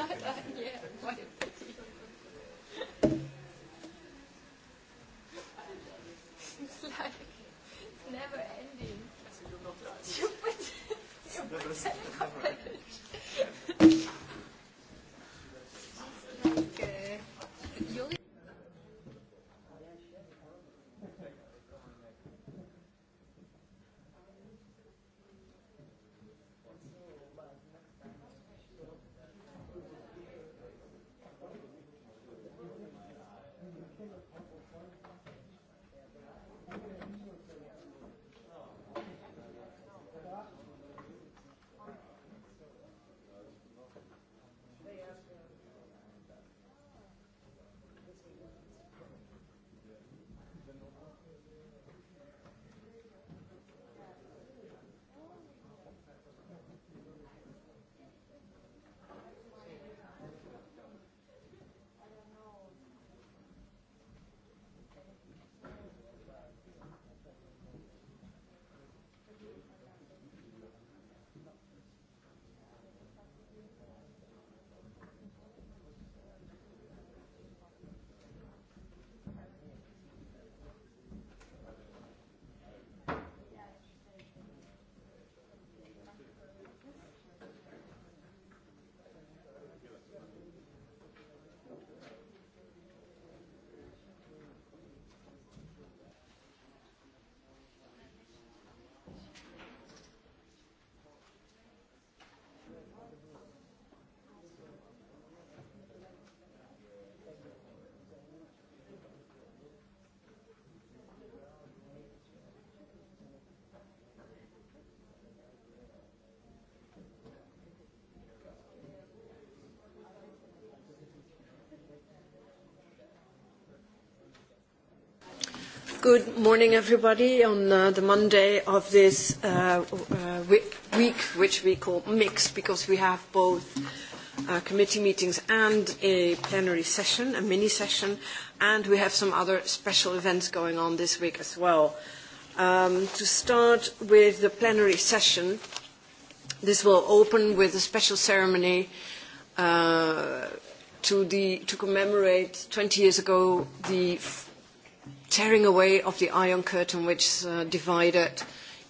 Yeah. Good morning, everybody, on the Monday of this week, which we call mixed, because we have both committee meetings and a plenary session, a mini session, and we have some other special events going on this week as well. To start with the plenary session, this will open with a special ceremony to commemorate 20 years ago the tearing away of the Iron Curtain which divided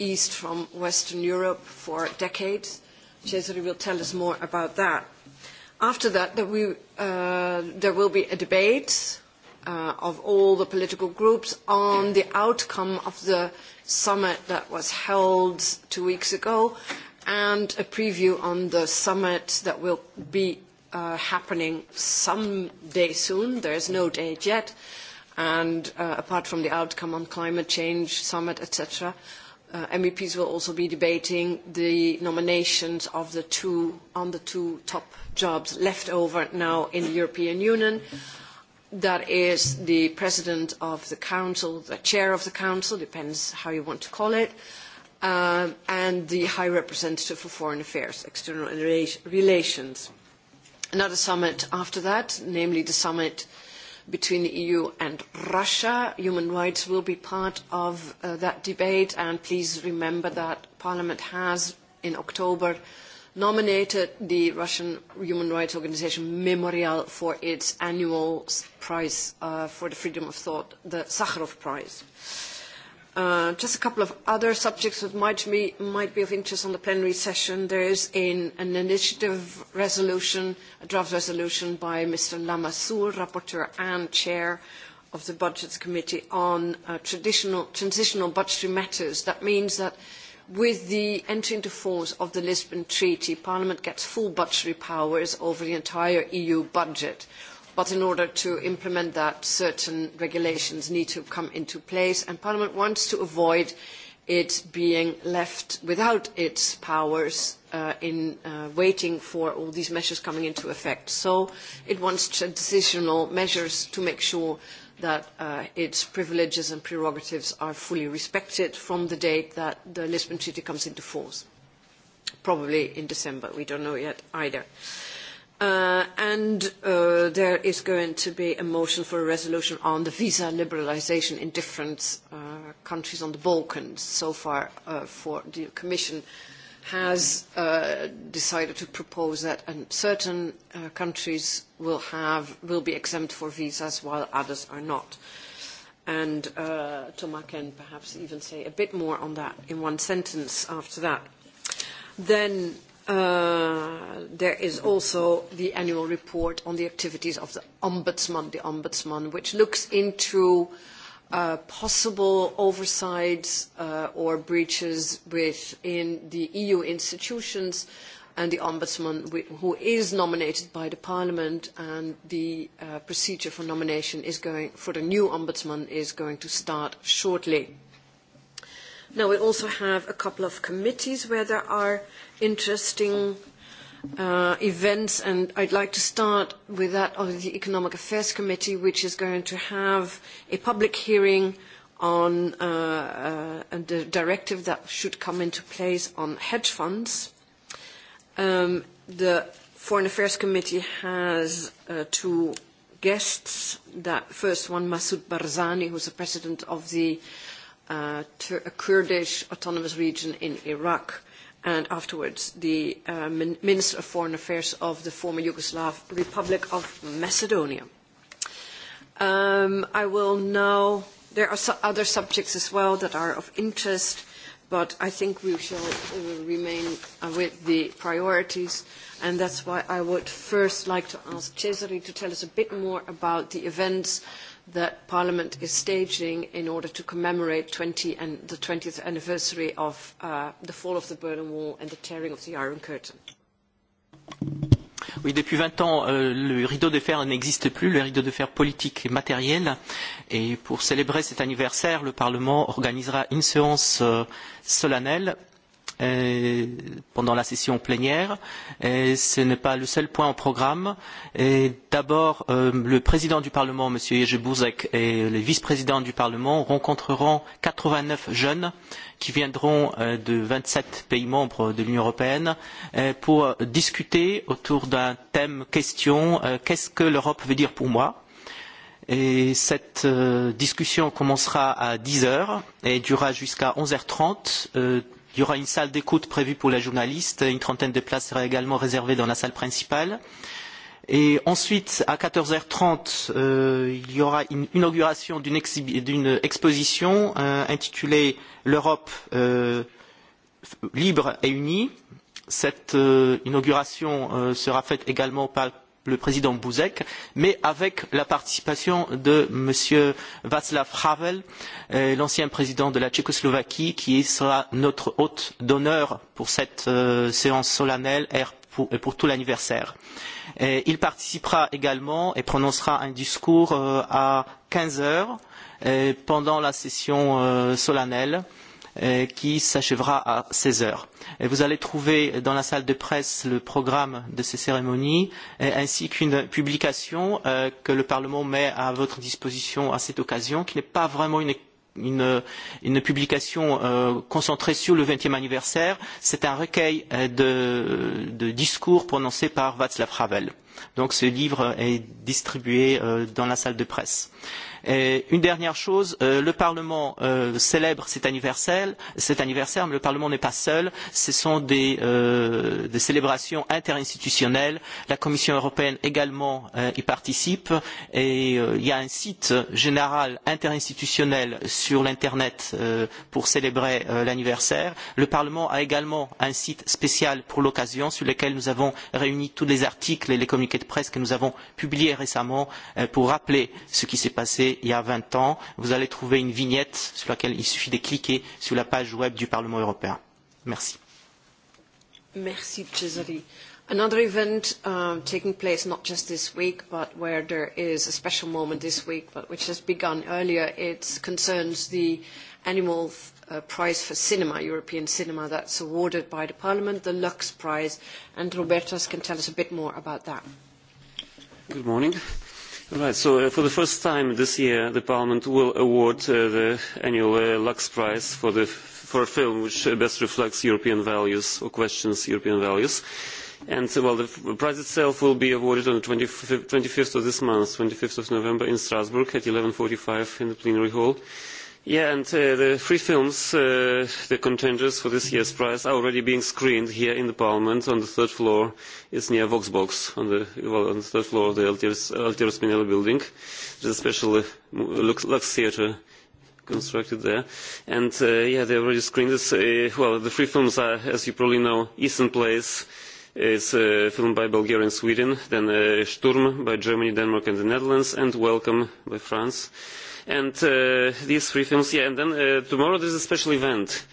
East from Western Europe for decades. Cesare will tell us more about that. After that, there will be a debate of all the political groups on the outcome of the summit that was held two weeks ago and a preview on the summit that will be happening some day soon. There is no date yet, and apart from the outcome on climate change summit, etc., MEPs will also be debating the nominations of the two on the two top jobs left over now in the European Union. That is the president of the council, the chair of the council, depends how you want to call it, and the high representative for foreign affairs, external relations. Another summit after that, namely the summit between the EU and Russia. Human rights will be part of that debate, and please remember that Parliament has, in October, nominated the Russian human rights organisation Memorial for its annual prize for the freedom of thought, the Sakharov Prize. Just a couple of other subjects that might be of interest on the plenary session. There is an initiative resolution, a draft resolution by Mr. Lamassoure, rapporteur and chair of the Budgets Committee on transitional budgetary matters. That means that with the entry into force of the Lisbon Treaty, Parliament gets full budgetary powers over the entire EU budget but in order to implement that, certain regulations need to come into place, and Parliament wants to avoid it being left without its powers in waiting for all these measures coming into effect. So it wants transitional measures to make sure that its privileges and prerogatives are fully respected from the date that the Lisbon Treaty comes into force, probably in December. We don't know yet either. And there is going to be a motion for a resolution on the visa liberalisation in different countries on the Balkans. So far, the Commission has decided to propose that certain countries will be exempt for visas while others are not. And Thomas can perhaps even say a bit more on that in one sentence after that. Then There is also the annual report on the activities of the ombudsman, the ombudsman, which looks into possible oversights or breaches within the EU institutions, and the ombudsman, who is nominated by the Parliament, and the procedure for nomination is going for the new ombudsman is going to start shortly. Now we also have a couple of committees where there are interesting events, and I'd like to start with that of the Economic Affairs Committee, which is going to have a public hearing on the directive that should come into place on hedge funds. The Foreign Affairs Committee has two guests. That first one, Masoud Barzani, who is the president of the to a Kurdish autonomous region in Iraq, and afterwards the Minister of Foreign Affairs of the former Yugoslav Republic of Macedonia. I will now. There are other subjects as well that are of interest, but I think we shall remain with the priorities, and that's why I would first like to ask Cesare to tell us a bit more about the events that Parliament is staging in order to commemorate the 20th anniversary of the fall of the Berlin Wall and the tearing of the Iron Curtain. Oui, depuis 20 ans, le rideau de fer n'existe plus, le rideau de fer politique et matériel. Et pour célébrer cet anniversaire, le Parlement organisera une séance solennelle pendant la session plénière. et Ce n'est pas le seul point au programme. D'abord, le président du Parlement, M. Jerzy Buzek, et le vice président du Parlement rencontreront 89 jeunes qui viendront de 27 pays membres de l'Union européenne pour discuter autour d'un thème question Qu'est-ce que l'Europe veut dire pour moi et Cette discussion commencera à 10 heures et durera jusqu'à 11h30 Il y aura une salle d'écoute prévue pour les journalistes. Une trentaine de places sera également réservée dans la salle principale. Et ensuite, à 14h30, il y aura une inauguration d'une exposition intitulée L'Europe libre et unie. Cette inauguration sera faite également par le président Bouzek, mais avec la participation de M. Václav Havel, l'ancien président de la Tchécoslovaquie, qui sera notre hôte d'honneur pour cette séance solennelle et pour tout l'anniversaire. Il participera également et prononcera un discours à 15 heures pendant la session solennelle qui s'achèvera à 16 heures. Vous allez trouver dans la salle de presse le programme de ces cérémonies ainsi qu'une publication que le Parlement met à votre disposition à cette occasion, qui n'est pas vraiment une publication concentrée sur le 20e anniversaire. C'est un recueil de discours prononcés par Václav Havel. Donc ce livre est distribué dans la salle de presse. Une dernière chose, le Parlement célèbre cet anniversaire, mais le Parlement n'est pas seul. Ce sont des célébrations interinstitutionnelles. La Commission européenne également y participe. Et il y a un site général interinstitutionnel sur l'Internet pour célébrer l'anniversaire. Le Parlement a également un site spécial pour l'occasion sur lequel nous avons réuni tous les articles et les communiqués de presse que nous avons publiés récemment pour rappeler ce qui s'est passé il y a 20 ans, vous allez trouver une vignette sur laquelle il suffit de cliquer sur la page web du Parlement européen. Merci. Merci, Cesare. Another event taking place not just this week, but where there is a special moment this week, but which has begun earlier, it concerns the annual prize for cinema, European cinema, that's awarded by the Parliament, the Lux Prize, and Roberta can tell us a bit more about that. Good morning so for the first time this year, the Parliament will award the annual Lux Prize for a film which best reflects European values or questions European values. And the prize itself will be awarded on the 25th of this month, 25th of November in Strasbourg at 11.45 in the plenary hall Yeah, and the three films, the contenders for this year's prize, are already being screened here in the Parliament on the third floor. It's near Voxbox, on the third floor of the Altiero Spinelli building. There's a special Lux Theatre constructed there. And, yeah, they already screened this. Well, the three films are, as you probably know, Eastern Place is a film by Bulgaria and Sweden, then Sturm by Germany, Denmark and the Netherlands, and Welcome by France and these three films yeah and then tomorrow there is a special event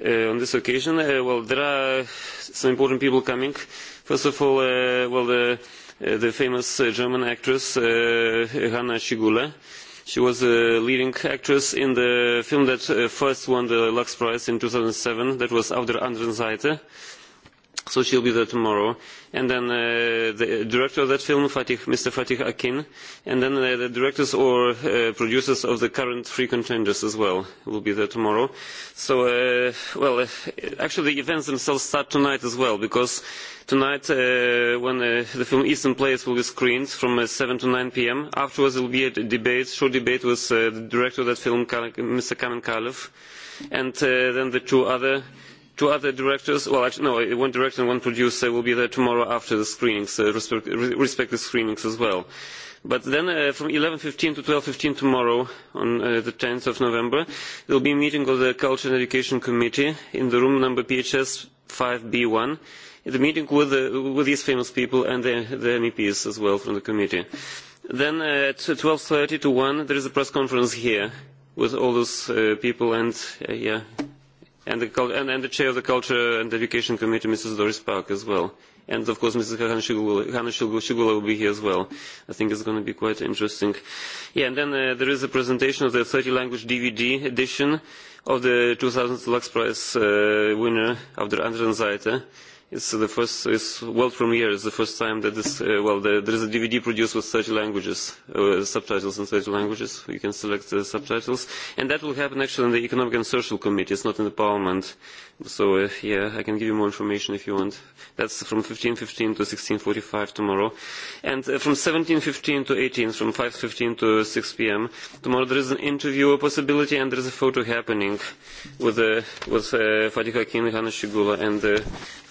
on this occasion well there are some important people coming first of all well the the famous german actress hanna schigula she was a leading actress in the film that first won the lux prize in 2007 that was Auf der anderen Seite so she will be there tomorrow. And then the director of that film, Fatih, Mr. Fatih Akin, and then the directors or producers of the current three contenders as well will be there tomorrow. So, well, actually the events themselves start tonight as well, because tonight when the film Eastern Place will be screened from 7 to 9 p.m. Afterwards there will be a debate, short debate with the director of that film, Mr. Kamen Kalev, and then the two other Two other directors, well, no, one director and one producer will be there tomorrow after the screenings, respect respective screenings as well. But then from 11.15 to 12.15 tomorrow, on the 10th of November, there will be a meeting of the Culture and Education Committee in the room number PHS 5B1, the meeting with these famous people and the MEPs as well from the committee. Then at 12.30 to 1, there is a press conference here with all those people and, yeah and the chair of the Culture and Education Committee, Mrs. Doris Park, as well. And, of course, Mrs. Hanna Shugula will be here as well. I think it's going to be quite interesting. Yeah, and then there is a presentation of the 30-language DVD edition of the 2000 Lux Prize winner, andrzej Zaita. It's the first, it's world premiere. It's the first time that this, well, there is a DVD produced with such languages, subtitles in such languages. You can select the subtitles, and that will happen actually in the Economic and Social Committee. It's not in the Parliament. So yeah, I can give you more information if you want. That's from 15:15 to 16:45 tomorrow, and from 17:15 to 18, from 5:15 to 6 p.m. tomorrow there is an interview possibility and there is a photo happening with with Fatih Akin, Shigula, and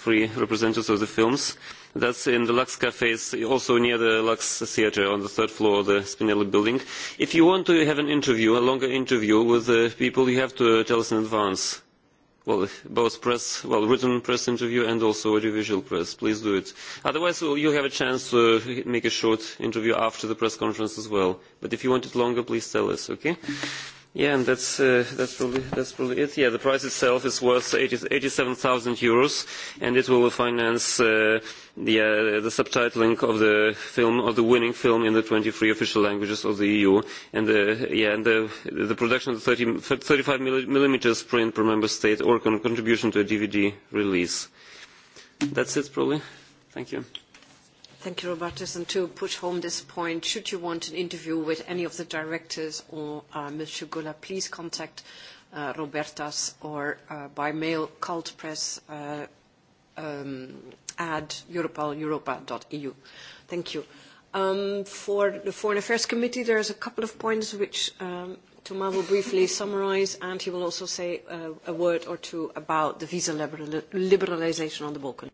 three representatives of the films. That's in the Lux cafes, also near the Lux Theatre, on the third floor of the Spinelli building. If you want to have an interview, a longer interview with the people, you have to tell us in advance. Well, both press, well, written press interview and also audiovisual press. Please do it. Otherwise, you have a chance to make a short interview after the press conference as well. But if you want it longer, please tell us, okay? Yeah, and that's probably that's probably it. Yeah, the price itself is worth 87,000 euros, and it will finance the subtitling of the film of the winning film in the 23 official languages of the EU, and the yeah, and the production of 35 millimeters print per member state or contribution to a DVD release. That's it, probably. Thank you. Thank you, Robertus. And to push home this point, should you want an interview with any of the directors or Mr. Gula, please contact Robertas or by mail cult press at europaleuropa.eu. Thank you. For the Foreign Affairs Committee, there there's a couple of points which Thomas will briefly summarize, and he will also say a word or two about the visa liberalisation on the Balkans.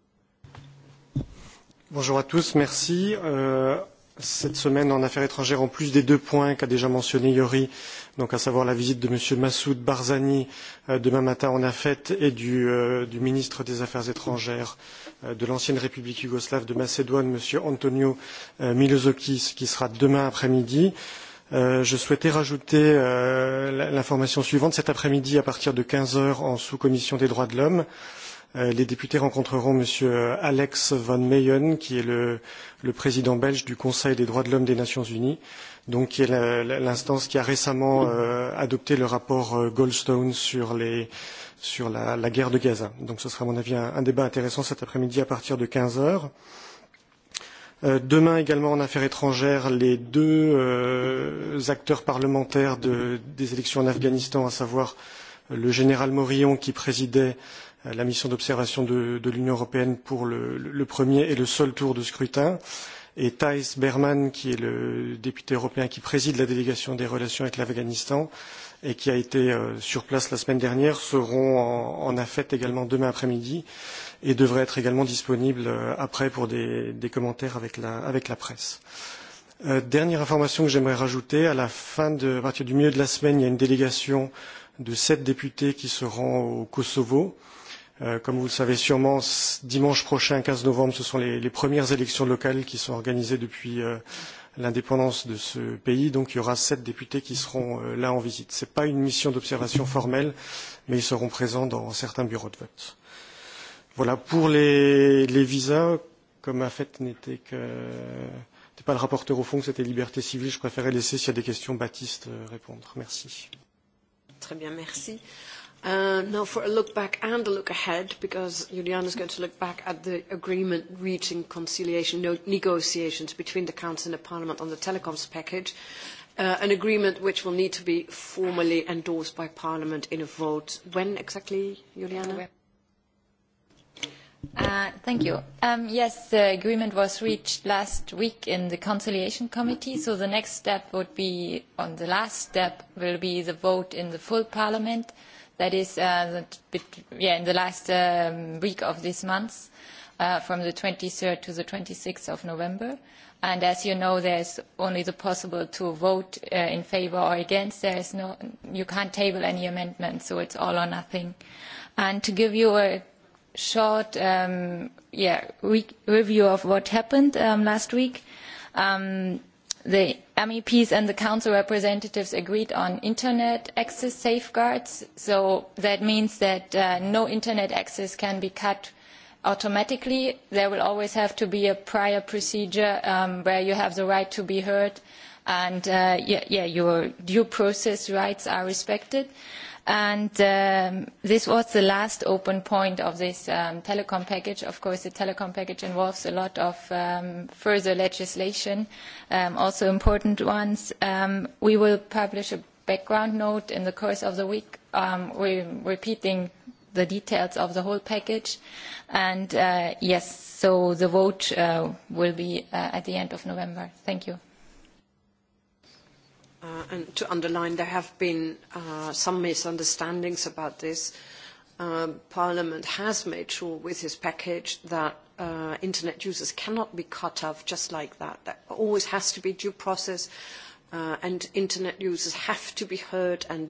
Bonjour à tous, merci. Cette semaine, en affaires étrangères, en plus des deux points qu'a déjà mentionné Yori, donc à savoir la visite de M. Massoud Barzani demain matin en AFET et du ministre des Affaires étrangères de l'ancienne République yougoslave de Macédoine, M. Antonio Milosokis, qui sera demain après-midi. Je souhaitais rajouter l'information suivante. Cet après-midi, à partir de 15 h en sous-commission des droits de l'homme, Les députés rencontreront M. Alex Van Meyen, qui est le président belge du Conseil des droits de l'homme des Nations Unies, donc qui est l'instance qui a récemment adopté le rapport Goldstone sur la guerre de Gaza. Donc ce sera, à mon avis, un débat intéressant cet après-midi à partir de 15 heures. Demain également en affaires étrangères, les deux acteurs parlementaires des élections en Afghanistan, à savoir le général Morillon qui présidait la mission d'observation de l'Union européenne pour le premier et le seul tour de scrutin, et Thijs Berman, qui est le député européen qui préside la délégation des relations avec l'Afghanistan et qui a été sur place la semaine dernière, seront en affect également demain après-midi et devraient être également disponibles après pour des commentaires avec la presse. Dernière information que j'aimerais rajouter, à la fin de, à partir du milieu de la semaine, il y a une délégation de sept députés qui se rend au Kosovo Comme vous le savez sûrement, dimanche prochain, 15 novembre, ce sont les premières élections locales qui sont organisées depuis l'indépendance de ce pays. Donc il y aura sept députés qui seront là en visite. Ce n'est pas une mission d'observation formelle, mais ils seront présents dans certains bureaux de vote. Voilà, pour les visas, comme en fait n'était que n'était pas le rapporteur au fond, c'était liberté civile, je préférais laisser, s'il y a des questions, Baptiste répondre. Merci. Très bien, merci. Now for a look back and a look ahead, because Juliana is going to look back at the agreement reaching conciliation negotiations between the Council and the Parliament on the telecoms package, an agreement which will need to be formally endorsed by Parliament in a vote. When exactly, Juliana? Thank you. Yes, the agreement was reached last week in the Conciliation Committee, so the next step would be, on the last step, will be the vote in the full Parliament. That is, in the last week of this month, from the 23rd to the 26th of November. And as you know, there is only the possible to vote in favor or against. There is no, you can't table any amendments, so it's all or nothing. And to give you a short, yeah, review of what happened last week the meps and the council representatives agreed on internet access safeguards so that means that no internet access can be cut automatically there will always have to be a prior procedure where you have the right to be heard and yeah, your due process rights are respected. And this was the last open point of this telecom package. Of course, the telecom package involves a lot of further legislation, also important ones. We will publish a background note in the course of the week. We're repeating the details of the whole package. And yes, so the vote will be at the end of November. Thank you and to underline there have been some misunderstandings about this, Parliament has made sure with his package that internet users cannot be cut off just like that. There always has to be due process and internet users have to be heard and